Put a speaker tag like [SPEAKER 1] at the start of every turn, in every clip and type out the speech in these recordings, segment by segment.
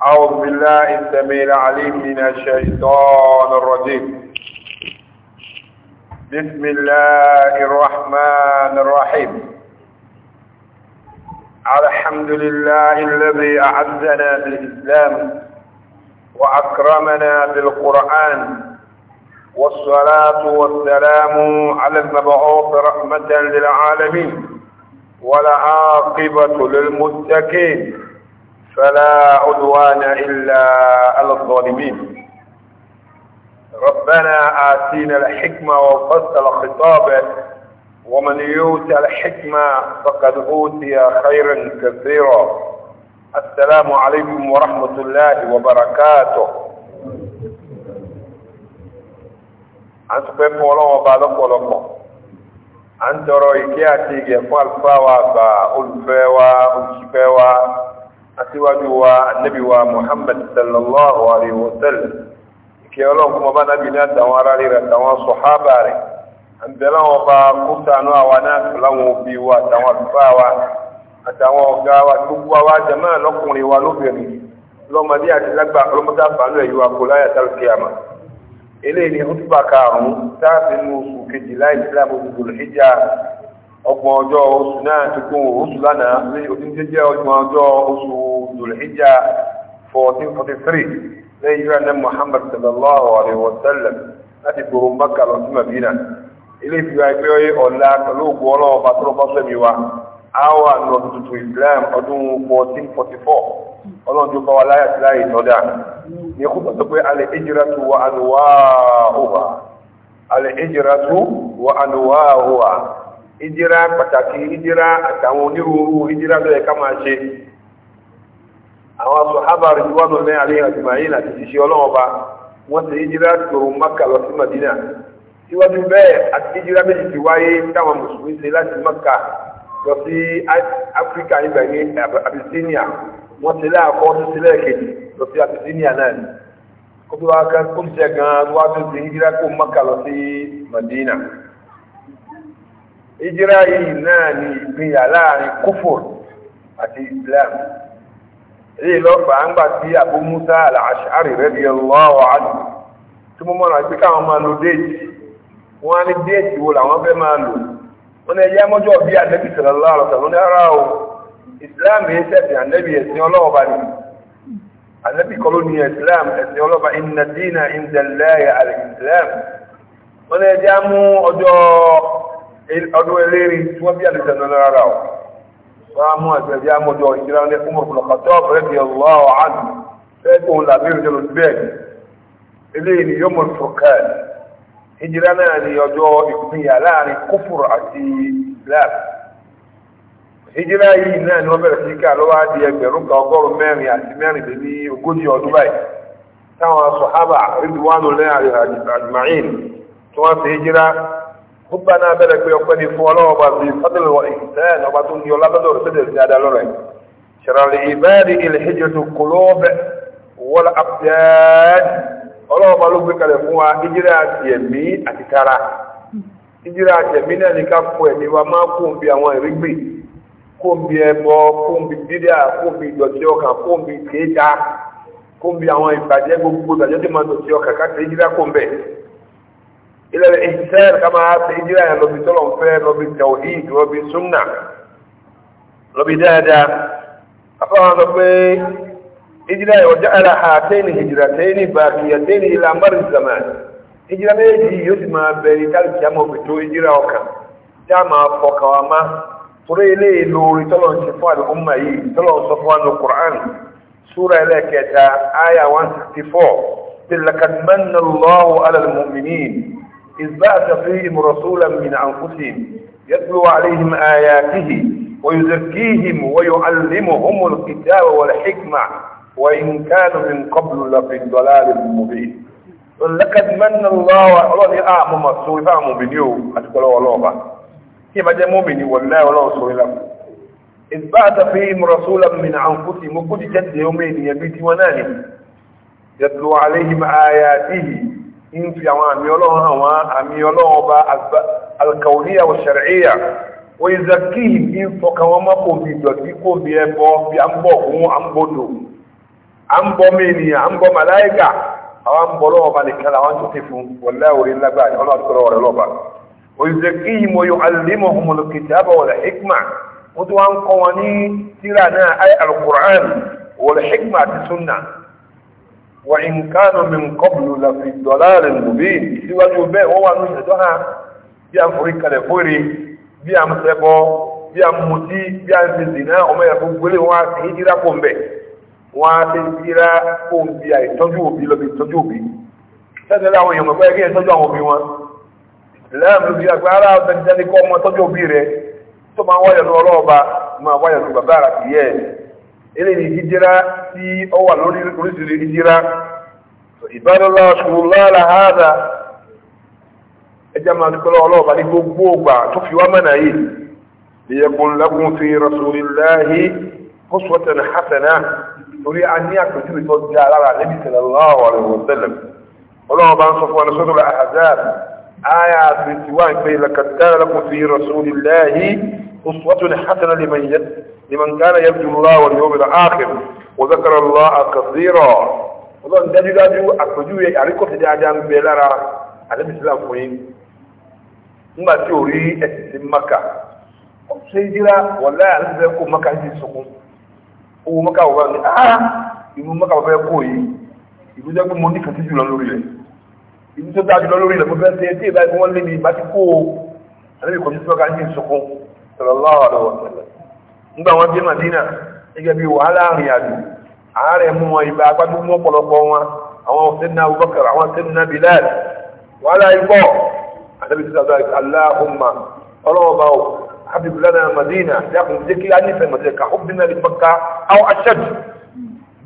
[SPEAKER 1] أعوذ بالله السميع العليم من الشيطان الرجيم بسم الله الرحمن الرحيم الحمد لله الذي أعزنا بالإسلام وأكرمنا بالقرآن والصلاة والسلام على المبعوث رحمة للعالمين والعاقبة للمتقين فلا عدوان إلا على الظالمين ربنا آتينا الحكمة وفصل الخطاب ومن يؤت الحكمة فقد أوتي خيرا كثيرا السلام عليكم ورحمة الله وبركاته أنت بيبو ولو بعدك ولو أنت رأيكي أتيجي فالفاوة فالفاوة فالفاوة aṣíwájú wa annabi wa muhammad sallallahu alaihi wa sallam kí ọlọ́run kúmọ bá nábi ní àtàwọn ará rẹ̀ àtàwọn sọ̀hábà rẹ̀ àbẹ̀láwọn ọba kútànú àwa náà láwọn òbí wa àtàwọn àlùfáà wa àtàwọn ọ̀gá wa gbogbo àwa jẹ̀mọ́ lọ́kùnrin wa lóbìnrin lọ́mọdé àti lágbà ọlọ́mọdé àbálò ẹ̀yí wa kò láyà tálùkì àmà eléyìí ni ó túbà karùn-ún táàbínú ọgbọ̀n ọjọ́ oṣù náà ti kún oṣù lánàá ní oṣù jẹ́ ọgbọ̀n ọjọ́ oṣù dùlẹ̀híjà 1443 lẹ́yìn ìrìn àná muhammad sallallahu alaihi wa sallam láti gbòòrò maka lọ sí madina ilé ìfìwà ẹgbẹ́ ọyẹ ọ̀la pẹ̀lú ògbó ọlọ́wọ́ bá tọ́lọ́ sẹ́mi wa àwa nù tuntun islam ọdún 1444 ọlọ́run tó bá wa láyà sí láyè tọ́dà ní kó bá sọ pé alẹ́ ìjìrà tó wà ànúwà òwà alẹ́ ìjìrà tó wà ànúwà òwà ìjírá pàtàkì ìjírá àtàwọn onírúurú ìjírá ló yẹ ká máa ṣe àwọn sọ̀hábà rìdíwánù lẹ́yìn àríyìn àti màáyìn àti ṣíṣe ọlọ́wọ́ba wọ́n ti ìjírá tó Mákà lọ sí Màdínà síwájú bẹ́ẹ̀ àti ìjírá méjì ti wáyé táwọn mùsùlùmí ṣe láti Mákà lọ sí Áfíríkà nígbà ní Abyssinia wọ́n ti láàkọ́ tó ti lẹ́ẹ̀kejì lọ sí Abyssinia náà ni kó tó wá kó ti ṣe gan-an wá tó ti ìjírá kó Mákà lọ sí Màdínà ìjírá yìí náà ni ìpínyà láàrin kúfùr àti islam èyí lọ́fà ń gbà sí Abu Musa al-Ash'ari radiyallahu anhu tí mo mọ̀nà pé káwọn máa lo déètì wọ́n á ní déètì wo làwọn fẹ́ máa lò wọ́n ní ẹyá mọ́jọ́ bí Ànábì sallallahu alaihi wasallam ní ara o islam yìí sẹ́sìn Ànábì ẹ̀sìn ọlọ́ọ̀bà ni Ànábì kọ́ ló islam ẹ̀sìn ọlọ́ọ̀bà inna dina inda Allahi al-islam wọ́n ní ẹjá mú ọjọ́ ọdún ẹlẹ́rin tí wọ́n bí àlejò náà rárá o wọ́n á mú àgbẹ̀bí àmọ́jọ ìjìlá ní fún ọ̀pọ̀lọpọ̀ kàtọ́ ọ̀pẹ̀rẹ̀ di ọlọ́ àdùn fẹ́ẹ̀kùn làbẹ́rù jẹ́ lọ bẹ́ẹ̀ eléyìí ni yọmọ fọkàn ìjìlá náà ni ọjọ́ ìpínyà láàrin kófòrò àti láàbù ìjìlá yìí náà ni wọ́n bẹ̀rẹ̀ gbogbo náà bẹ̀rẹ̀ pé ọpẹ́ ní fún ọlọ́wọ́ bá fi fadúlù wọ ìsẹ́ẹ̀nì ọba tó ń yọ lábẹ́dọ̀ sílẹ̀ sí adá lọ́rẹ̀ ṣàràlì ìbẹ́ẹ̀rì ìlẹ̀hẹ́jọ tó kò lọ́ọ̀bẹ̀ wọlé abdẹ́ẹ̀d ọlọ́wọ́ bá ló gbé kalẹ̀ fún wa ìjírẹ́ àti ẹ̀mí àti tara ìjírẹ́ àti ẹ̀mí náà ní ká fọ ẹ̀mí wa máa kó bi àwọn ìrígbì kó bi ẹbọ kó bi dídà kó bi ìdọ̀tí ọkàn kó bi kéèta kó bi àwọn ìbàjẹ́ gbogbo ìbàjẹ́ tó máa dọ̀tí ọkàn ilẹ̀ ìṣẹ́yẹ̀ kama ṣe ìjírà yẹn lọ́bi tọ́lọ̀ ń fẹ́ lọ́bi tawhid lọ́bi sunna lọ́bi dáadáa afọwọ́n sọ pé ìjírà yẹn ọjà ara àtẹ́ni ìjírà tẹ́ni baqiyatayni ila amr zaman ìjírà méjì yóò sì máa bẹ̀rẹ̀ káàkiri àmọ́ fi tó ìjírà ọkàn tí a máa fọkàn wa má torí ilé ìlórí tọ́lọ̀ ń ṣe fún àdúgbò mà yìí tọ́lọ̀ ń sọ fún àdúgbò Qur'an súra ẹlẹ́kẹta ayah one sixty four tilakadmanallahu alal mu'minin إذ بعث فيهم رسولا من أنفسهم يتلو عليهم آياته ويزكيهم ويعلمهم الكتاب والحكمة وإن كانوا من قبل لفي الضلال المبين لقد من الله ولي أعمى السوء فأعمم بنيو أتقول الله كما جاء مؤمني والله ولا سوء لكم إذ بعث فيهم رسولا من أنفسهم وكل جد يومين يبيت ونانهم يتلو عليهم آياته ń fi àwọn àmì ọlọ́run àwọn àmì ọlọ́run ọba alkauniya wa shari'iya ó yí zaki ní fọkàn wọn mọ́ kò bí ìdọ̀tí kò bí ẹbọ bí a ń bọ̀ fún à ń bọ̀dọ̀ à ń bọ̀ mẹ́niyàn à ń bọ̀ màláìkà àwọn ń bọ̀ lọ́wọ́ ọba nìkan làwọn tó ti fún wọlé orí lágbà ọlọ́run tó rọrọ lọ́ba ó yí zaki mo yọ alìmọ̀ ọmọlù kìtàbà wọlé وإن كانوا من قبل لفي ضلال مبين سواجه بي هو أنه يدعها بي أنفريك لفوري بي أمسيبو بي أموتي بي أمسيزنا وما يقول قولي هو سيجرى قوم بي هو سيجرى قوم بي أي تجو بي لبي تجو بي سيجرى هو يوم يقول يجي تجو هو بي وان لا ملوكي أقول أرى تجاني قوم تجو بي ري ثم هو يدعو الله ما هو يدعو ببارك يجي إليني هجرة في أول رجل هجرة فإبان الله أشكر الله لهذا أجمع الله بني بوبوبا تفي ومن أيه ليقول لكم في الله قصوة أن يكون تري تضيع على النبي صلى الله عليه وسلم الله بان صفوة نصر الأحزاب آيات الله لمن كان يرجو الله واليوم الآخر وذكر الله كثيرا ọlọ́run dájúdájú àpèjúwe àríkọ̀tì dáadáa ń bẹ lára àdébísílà fún yín nígbà tí ò rí ẹ̀sìn sí maka ó ṣe jíra wọ̀n láyà ń fẹ́ kó maka sí sunkún owó maka wọ̀ ní áá ìlú maka wọ̀ fẹ́ kó yìí ìlú jẹ́ pé mo ní kàtí jùlọ lórí rẹ̀ ìlú tó dájú lọ lórí rẹ̀ mo fẹ́ ṣe tí ìbáyìí wọ́n lé ní ìbá ti kó o àdébíkọ̀tì sí maka sí sunkún sallallahu alaihi wa sallam nígbà wọn dé Madina gẹ́gẹ́ bí wàhálà àrìn àjò ààrẹ mú wọn ibà agbágbógbó ọ̀pọ̀lọpọ̀ wọn àwọn sẹ́dínà Abubakar àwọn sẹ́dínà Bilal wàhálà ikọ̀ àdàbí ti sàdọ̀ aláhùnmá ọlọ́wọ́ bá wò habibu lana Madina dákun jẹ́ kí á nífẹ̀ẹ́ Madina ká ó bí náà lè Maka àwọn aṣẹ́jù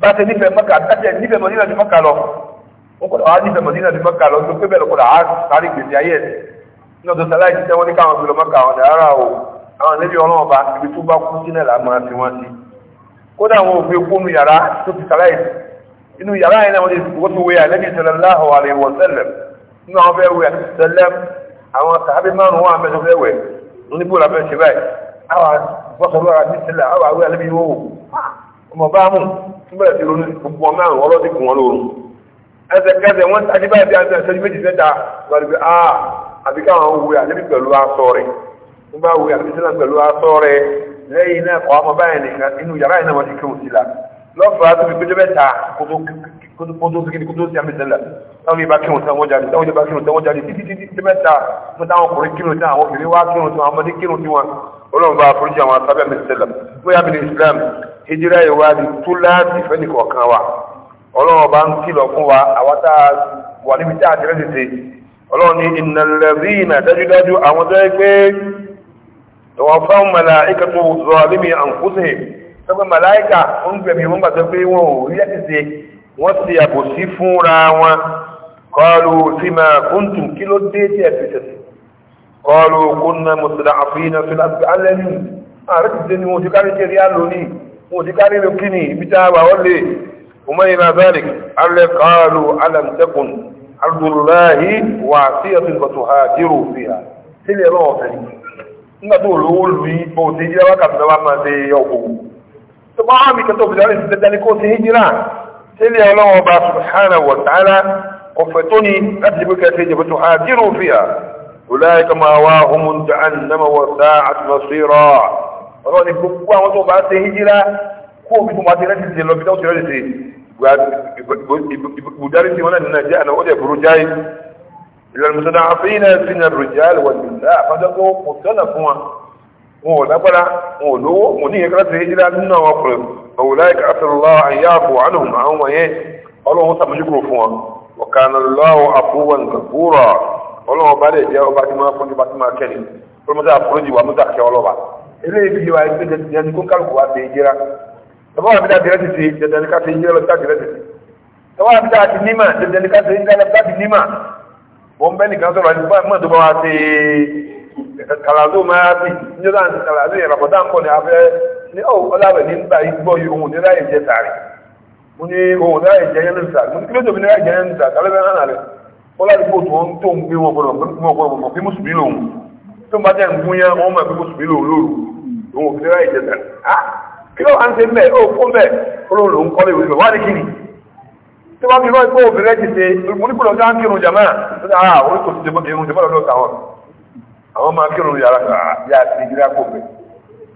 [SPEAKER 1] bá ti nífẹ̀ẹ́ Maka dájẹ́ nífẹ̀ẹ́ Madina lè Maka lọ wọ́n kọ́ àwọn nífẹ̀ẹ́ Madina lè Maka lọ nítorí àwọn ànábì ọlọ́run bá ibi tó bá kú sílẹ̀ là máa fi wọ́n sí kódà àwọn òfin kó nu yàrá tó fi sàlẹ̀ inú yàrá yẹn náà wọ́n ti wé ànábì sallallahu alaihi wa sallam inú àwọn fẹ́ wé sẹlẹ̀ àwọn sàhábì márùn wọn àmẹ́sọ fẹ́ wẹ̀ níbo làbẹ́ ṣe báyìí àwọn bọ́sọ̀rọ̀ àti sẹlẹ̀ àwọn àwé ànábì wò ọmọ bá mú bẹ́ẹ̀ ti ronú gbogbo ọmọ àrùn ọlọ́dún kùn wọn lóorun ẹsẹ̀kẹsẹ̀ wọ́n tají báyìí bí i àti ẹ̀sẹ̀ méjì fẹ́ da wọ́n ti fi ah àbíká àwọn òwe ànábì pẹ̀lú aṣọ rẹ̀ tó bá wù àti sílẹ̀ pẹ̀lú aṣọ rẹ̀ lẹ́yìn náà kọ́ ọmọ báyìí nìkan inú yàrá yìí náà wọ́n ti kí òsì la lọ́fàá tó fi péjọ mẹ́ta kótó sígi kótó sí àmìsẹ́lẹ̀ táwọn yìí bá kírun tán wọ́n jáde táwọn yìí bá kírun tán wọ́n jáde títí títí tí mẹ́ta fún táwọn ọkùnrin kírun tán àwọn obìnrin wá kírun tán àwọn ọmọdé kírun tí wọn ọlọ́run bá foríjì àwọn asábẹ́ àmìsẹ́lẹ̀ bóyá bí ní Islam hijira ìwádìí tó láti fẹ́ nìkan kan wa ọlọ́run bá ń kìlọ̀ fún àwọn tá a tọwọ́fáwọn màláíkà tó zọ́ọ̀límì àǹkúsẹ̀ tọ́gbẹ́ màláíkà ń gbẹ̀mí wọn gbàtọ́ pé wọn ò rí ẹ̀sẹ̀ wọ́n ti àbò sí fúnra wọn kọlu sí máa kúntùn kí ló dé tí ẹ̀sẹ̀ tẹ̀sẹ̀ kọlu kúnnà mùsùlá àfihàn fi láti alẹ́ ní ààrẹ ti dé ni nígbàtí olówó lù í bó ti jíra wákàtí lọ́wọ́ máa ṣe ọkọ̀ tó bá wà mí kẹ́tọ́ òbí lọ́rẹ̀ ìṣẹ́ tẹ́lẹ̀ kó ti jíra sílẹ̀ ọlọ́wọ́ bá subhanahu wa ta'ala ọ̀fẹ́ tó ní láti ṣe pé kẹ́kẹ́ ìjẹ̀bẹ́ tó hajírò fìyà أولئك ما واهم máa ṣe lẹ́sìn ṣe lọ bí tó ṣe lẹ́sìn ṣe إلى المتنعفين من الرجال والنساء فدقوا مختلفون هو نبلا هو لو مني كرته إلى منا وقل فأولئك عسى الله أن يعفو عنهم أو إيه الله سمع يكرفون وكان الله عفوا غفورا الله بالي جاء بعد ما كنت بعد ما كان فما تفرج وما تحكي ولا بعد إلى يجي واحد يكون كل قوة يجرا طبعا بدأ دراسة جدا كاتي يجرا بدأ دراسة طبعا بدأ تنيمة جدا كاتي يجرا بدأ تنيمة wọ́n bẹ́ nìkan sọ̀rọ̀ àti mọ́ tó bá wá sí kàlàzó máa sí níjọ́dá àti kàlàzó yẹn ràpọ̀dá ń kọ́ ní abẹ́ ní ọ̀ ọlábẹ̀ ní gbà igbó ohun ní ráyè jẹ tààrí mo ní ohun ráyè jẹ yẹn lóṣà mo ní kílódé kí tí wọ́n fi rọ́ ipò obìnrin ti ṣe mo ní kúrò ọjọ́ ń kírun jàmá ara ah, àwọn kò ti ṣe irun jàmá lọ́dọ̀ táwọn àwọn máa kírun yàrá ah, yà ti ìgbéra kò bẹ̀.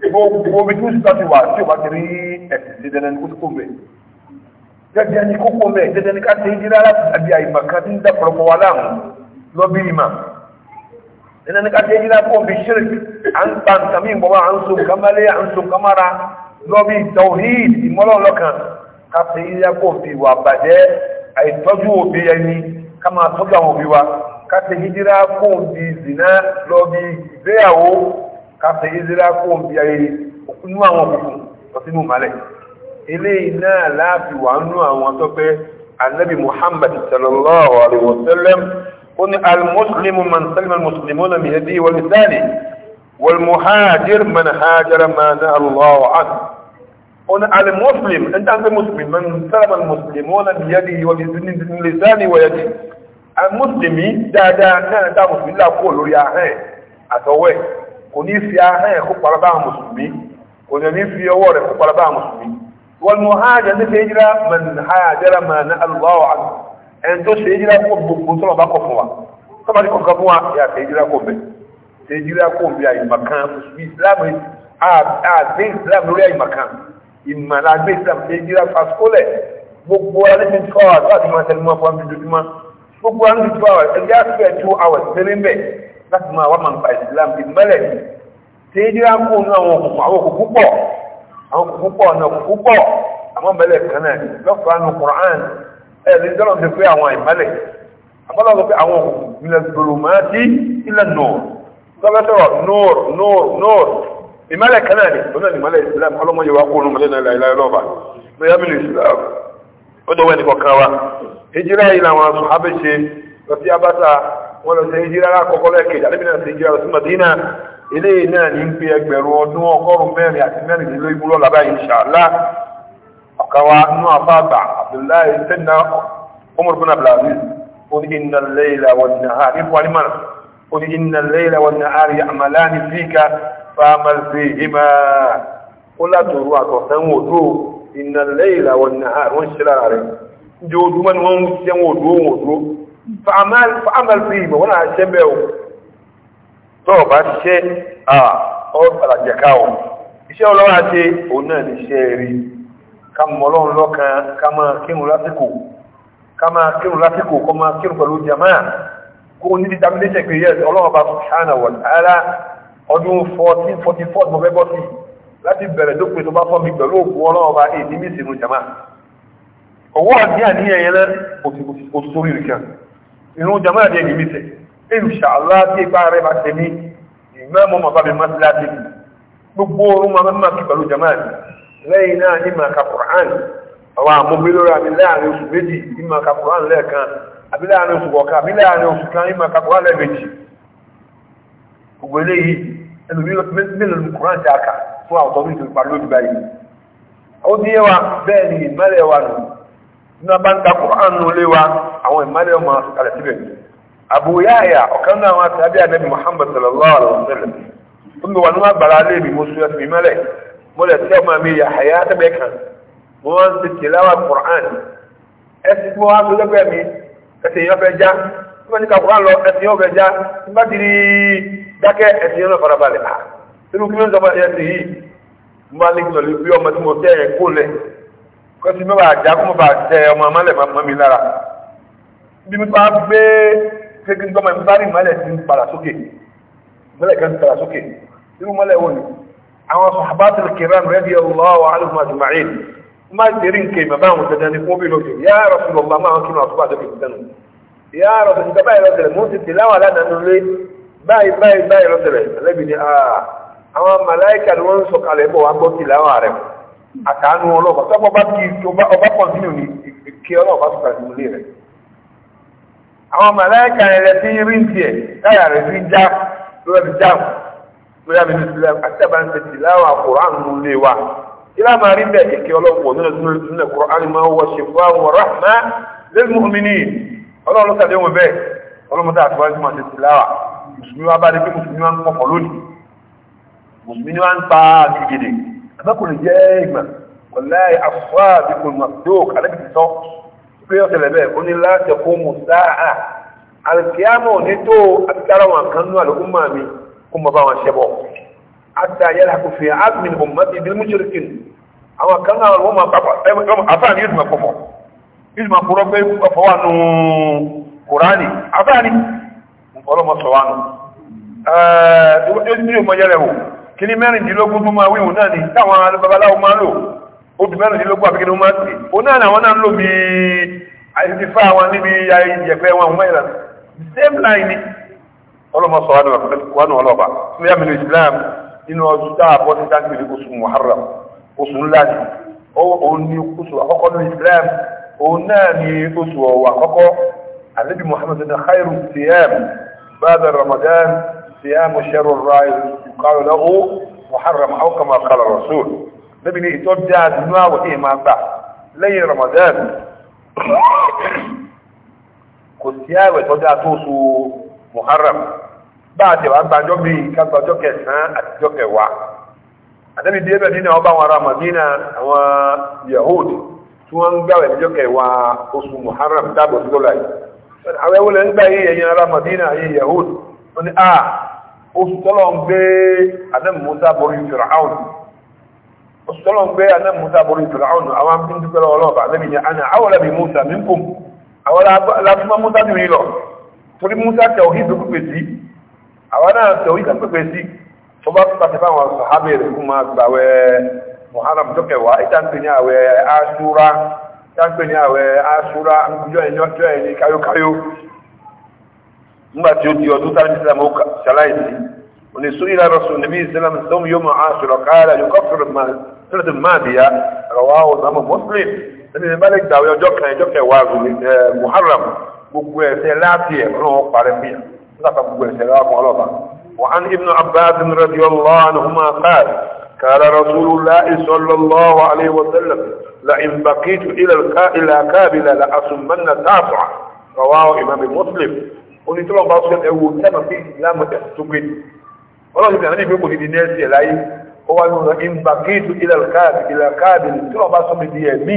[SPEAKER 1] ìbò omi tí wọ́n ti sá ti wà tí o bá ti rí ẹ̀sìn ṣe dandan ní kó kó bẹ̀. jẹ́jẹ́ ni kókó bẹ̀ jẹ́jẹ́ ni ká ṣe ìdíra láti àbí àyìnbá kan tí ń dá pọ̀lọpọ̀ wa láàmú lọ bí ìmà. jẹ́jẹ́ ni ká ṣe ìdíra kó bí ṣírí à ń ta nǹkan mí káfí yíyákò fi wà bàjẹ́ àìtọ́jú òbí ẹni ká máa tọ́jú àwọn òbí wa káfí hijira kò ń bi zina lọ bí ìgbéyàwó káfí hijira kò ń bi ayé òkúnú àwọn òkùnkùn lọ sínú ìmọ̀lẹ̀ eléyìí náà láàfin wà nú àwọn tó pé muhammad sallallahu alaihi wasallam من هاجر ما نهى الله عنه on al muslim in ta sai muslim man salama al muslimuna bi yadihi wa bi lisani wa yadihi al muslimi dáadáa náà da muslim la ko lórí ahẹ́ àtọwẹ́ kò ní fi ahẹ́ kó para ba muslimi kò ní fi ọwọ́ rẹ̀ kó para ba muslimi wal muhajir ni hijra man hajara ma na allah an en tó ṣe hijra ko gbogbo tó bá ko fún wa tó bá ko ko fún wa ya hijra ko be hijra ko bi ayi makan islam a a ṣe islam lórí ayi makan ìmọ̀lá gbé ìsìlámù lè jíra fàṣkólẹ̀ gbogbo alẹ́sìn tí wọ́n àti máa tẹnu mọ́ fún ojoojúmọ́ gbogbo alẹ́sìn tí wọ́n ẹgbẹ́ àtúbẹ̀ tó àwọ̀ tẹ́lẹ̀ mẹ́ láti máa wá máa ń pa ìsìlámù ìmọ̀lẹ̀ tí jíra kó nú àwọn òkùnkùn àwọn òkùnkùn pọ̀ àwọn òkùnkùn pọ̀ ọ̀nà òkùnkùn pọ̀ àwọn mẹ́lẹ̀ kan náà lọ́kọ̀ọ́ nù Qur'an ẹ̀rí dọ́rọ̀ ti pé àwọn ìmọ̀lẹ̀ abọ́lọ́gbọ́ pé àwọn òkùnkùn ìlẹ̀ gbòrò máa dí ilẹ̀ nù tọ́lọ́tọ̀rọ̀ nù nù nù ìmọ̀lẹ̀ kan náà ni ọ̀nà ìmọ̀lẹ̀ islam ọlọ́mọ yóò wá kó olùmọ̀lẹ́ náà láìlá ọlọ́ba lóyá mi ní islam ó dọ̀wọ́ ẹnì kọ̀ọ̀kan wa hijira yìí làwọn sọ̀hábẹ́ ṣe lọ sí abata wọn lọ sí hijira àkọ́kọ́ lẹ́ẹ̀kejì alẹ́bí sí hijira lọ sí madina ilé náà ní ń ẹgbẹ̀rún ọdún ọgọ́rùn mẹ́rin àti mẹ́rìnlélógún قل إن الليل والنهار يعملان فيك فعمل فيهما قل لا تروا أتوسن ودو إن الليل والنهار وانشلا عليه جودو من وانشلا ودو ودو فعمل فعمل فيهما وانا أشبه توبة شيء آه أو فلا جكاو iṣẹ́ ọlọ́run àti òun náà ní iṣẹ́ rí ká mọ ọlọ́run lọ́kàn ká máa kírun lásìkò ká máa kó ní determination pé yes ọlọ́run bá subhanahu wa ta'ala ọdún 1444 mo fẹ́ bọ́ sí láti bẹ̀rẹ̀ dópin tó bá fọ́ mi pẹ̀lú òkú ọlọ́run bá èdè mí sínú jama ọwọ́ àti àníyàn yẹn lẹ́ òtútù rí nìkan inú jama àti èdè mí sẹ̀ inṣàlá tí ipa rẹ̀ bá ṣe mí ìmọ̀ mọ́ màbá mi máa àbí láàrin oṣù kọ̀ọ̀kan àbí láàrin oṣù kan ní màkà kọ́ alẹ́ méjì gbogbo eléyìí ẹnu mélòó ní kùrán ti àkà fún àwọn ọ̀tọ́ nítorí pa lójú báyìí ó ní ẹwà bẹ́ẹ̀ ni ìmọ́lẹ̀ wa nù nínú abá ń ta kùrán nù lé wa àwọn ìmọ́lẹ̀ ọmọ kalẹ̀ síbẹ̀ Abu Yahya ọ̀kan náà wọn àti abíyá nẹ́bí Muhammad sallallahu alaihi tó ń mi ẹsẹ̀ yẹn fẹ́ já tí wọ́n ní kakura lọ ẹsẹ̀ yẹn fẹ́ já tí bá diri dákẹ́ ẹsẹ̀ yẹn fara balẹ̀ à nínú kí ló ń sọ fún ẹsẹ̀ yìí mo alẹ́ kí lọ́lẹ́ bí ọmọ tí mo tẹ́ ẹ̀ kó lẹ̀ kọ́sí mi bá já kó mo bá tẹ ọmọ amálẹ̀ mọ́ mi lára bí mi bá gbé kékeré gbọ́mọ mi bá rí ìmọ̀lẹ̀ tí ń padà sókè ìmọ̀lẹ̀ kan padà sókè irú mọ́lẹ̀ má ti rí nke bàbá àwọn dandan ni fún bílò kì yá rọ fún bàbá máa kí wọn àtúbà tó fi dànù yá rọ fún bàbá yìí lọ́tẹ̀lẹ̀ mú ti tè láwọn aládàá nù lé báyìí báyìí báyìí lọ́tẹ̀lẹ̀ ẹlẹ́bi ni àwọn màláìka ni wọ́n ń sọ̀kalẹ̀ bọ̀ wá gbọ́ ti láwọn rẹ̀ àtàánú ọlọ́pàá tọ́pọ̀ bá kí tó ilá máa rí bẹ́ẹ̀ kékeré ọlọ́pọ̀ nínú Kùránì máa wọ ṣèfà wọ rahma lẹ́lmùmíní ọlọ́run tàbí wọn bẹ́ẹ̀ ọlọ́mọdé àtúwájú máa ṣe tìláwà mùsùlùmí wa bá dé pé mùsùlùmí wa ń pọ̀pọ̀ lónìí mùsùlùmí wa ń pa àgbègbè àbẹ́kùnrin jẹ́ ìgbà wọláì àfọ́ àbíkùn màdók alẹ́bìtì sọ pé ọ̀sẹ̀lẹ̀ bẹ́ẹ̀ ó ní láti kó mù sáà mi kó mọ bá wọn àti àyẹ́lá kò fi admin ummati bil mushrikin àwọn kan náà wọ́n máa papọ̀ afáà ní ìdùnmọ̀ pọ̀pọ̀ ìdùnmọ̀ pọ̀rọ̀ pé ọ̀fọ̀ wà nù kùránì afáà ní ọlọ́mọ sọ wà nù ẹ̀ẹ́dùn ní ọmọdé rẹ̀ wò kí ní mẹ́rìndínlógún tó máa wíwò náà ni táwọn babaláwo máa lò ó dùn o àfikínú máa o ó náà ni àwọn náà ń lò bí àìsí fá wọn níbi ìyẹ̀pẹ̀ wọn àwọn ìlànà same line ni ọlọ́mọ sọ wà nù ọlọ́ba fún yàmìnú Islam nínú ọdún tá a bọ́ ní dágbére oṣù muharram oṣù ńlá ni òun ni oṣù àkọ́kọ́ ní islam òun náà ni oṣù ọ̀wọ̀ àkọ́kọ́ ànábì muhammadu ní khairu siyam bada ramadan siyam sharu rai yukalu lahu muharram aw kama qala rasul nabi ni ito da dunu awo e ma gba lẹ́yìn ramadan kò sí àwẹ̀ tó dáa tó muharram bá a tẹ̀wá gbàjọ́ bí ká gbàjọ́ kẹsàn-án àtijọ́ kẹwàá àtẹ́bí dé bẹ̀rẹ̀ nínú ọba àwọn ará Madina àwọn Yahud tí wọ́n ń gbàwẹ̀ níjọ́ kẹwàá oṣù Muharram dábọ̀ sí lọ́la yìí àwọn ẹwọ́lẹ̀ ń gbà yí ẹ̀yìn ará Madina yìí Yahud wọ́n ni ah oṣù tọ́lọ̀ ń gbé Adam Musa borí Fir'aun oṣù tọ́lọ̀ ń gbé Adam Musa torí Musa tẹ̀ òhìn tó kúpe sí àwọn náà tẹ̀wé ìtàpẹ́pẹ́ sí tó bá pàṣẹ fáwọn sàhábẹ̀ rẹ̀ fún máa gbàwẹ̀ muharram tọ́kẹ̀wá ìtàpẹ́ ní àwẹ̀ aṣúra ìtàpẹ́ ní àwẹ̀ aṣúra àmìkújọ́ ẹni káyókáyó nígbà tí ó di ọdún tàbí ìsìlámù ṣaláìsí òní sórí ìlà rọ̀sùn níbi ìsìlámù sọ́mù yóò mọ̀ aṣùrọ̀ káàrà yóò kọ́fìrì máa bìyà rọ̀wá ọ̀dàmọ̀ muslim ẹni ní bálẹ̀ gbàwẹ̀ ọjọ́ kan ẹjọ́ kẹwàá eh, gbogbo ẹ̀ṣẹ̀ láti ẹ̀ ọ̀rọ̀ nígbà gbogbo ẹ̀sẹ̀ rẹ̀ fún ọlọ́ba وعن ابن عباس رضي الله عنهما قال قال رسول الله صلى الله عليه وسلم لئن بقيت إلى إلى كابل لأصمن تاسعا رواه إمام مسلم oní tó lọ bá ṣe ẹwù tẹ́mà sí ìsìlámù ẹ̀ tó gbé ní ọlọ́run ìgbà náà ní ìgbékòó ìdí nẹ́ẹ̀sì ẹ̀ láyé ó wá nínú ìgbà kéètù ìlàkáàdì ìlàkáàdì tó lọ bá sọmi di ẹ̀mí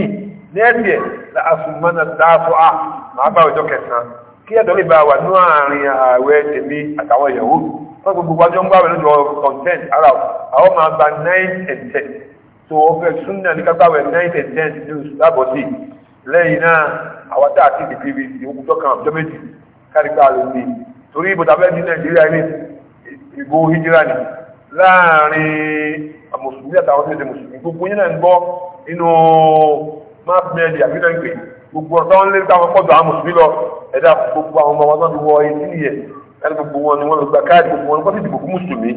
[SPEAKER 1] nẹ́ẹ̀sì ẹ̀ láàfin mọ́nà dáàfọ́ à máa bá ọjọ́ kẹsàn-án kí ẹ̀tọ́ lè bá wà ní àárín ààwẹ̀ tèmi àtàwọn ìyàwó wọ́n gbogbo wájọ́ ń gbáwẹ̀ lójú ọ̀rọ̀ content ara àwọn máa gba 9 and 10 so ọ̀fẹ́ súnnà ní kápáwẹ̀ 9 and 10 ní oṣù lábọ̀ sí lẹ́yìn náà àwọn tá àti ìdí pv ìwòkútọ́ kan ọjọ́ méjì káríkà ló ní torí ibùdó abẹ́ ní nàìjíríà ní ìgbò hijira ni láàárín mùsùlùmí àtàwọn tó ṣe mùsùlùmí gbogbo yẹn náà ń gbọ́ nínú mass media àbí náà ń pè gbogbo ọ̀sán lé táwọn pọ̀ ẹ̀dá gbogbo àwọn ọmọ wọn náà ti wọ etí yẹ ẹni gbogbo wọn ni wọn lọ gba káàdì gbogbo wọn kọ́sì dìbò fún mùsùlùmí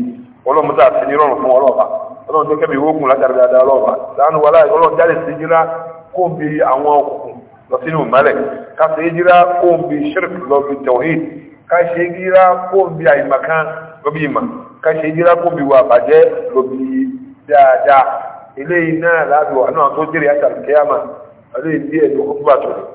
[SPEAKER 1] ọlọ́mọdé àti ní rọrùn fún ọlọ́ọ̀bà ọlọ́run tó kẹ́mi ìwé òkun látàrí dáadáa ọlọ́ọ̀bà láàánú wa láì ọlọ́run jáde sí jíra kó ń bi àwọn òkùnkùn lọ sínú ìmọ̀lẹ̀ ká ṣe é jíra kó ń bi shirk lọ bi tawhid ká ṣe é jíra kó ń bi àyìnbàkan lọ bi ìmọ̀ ká ṣe é jíra kó o bi wà bàjẹ́ lọ bi dáadáa eléyìí náà láàbì wà náà tó jẹ́rìí àtàlùkẹ́yàmà eléyìí díẹ̀ ló kó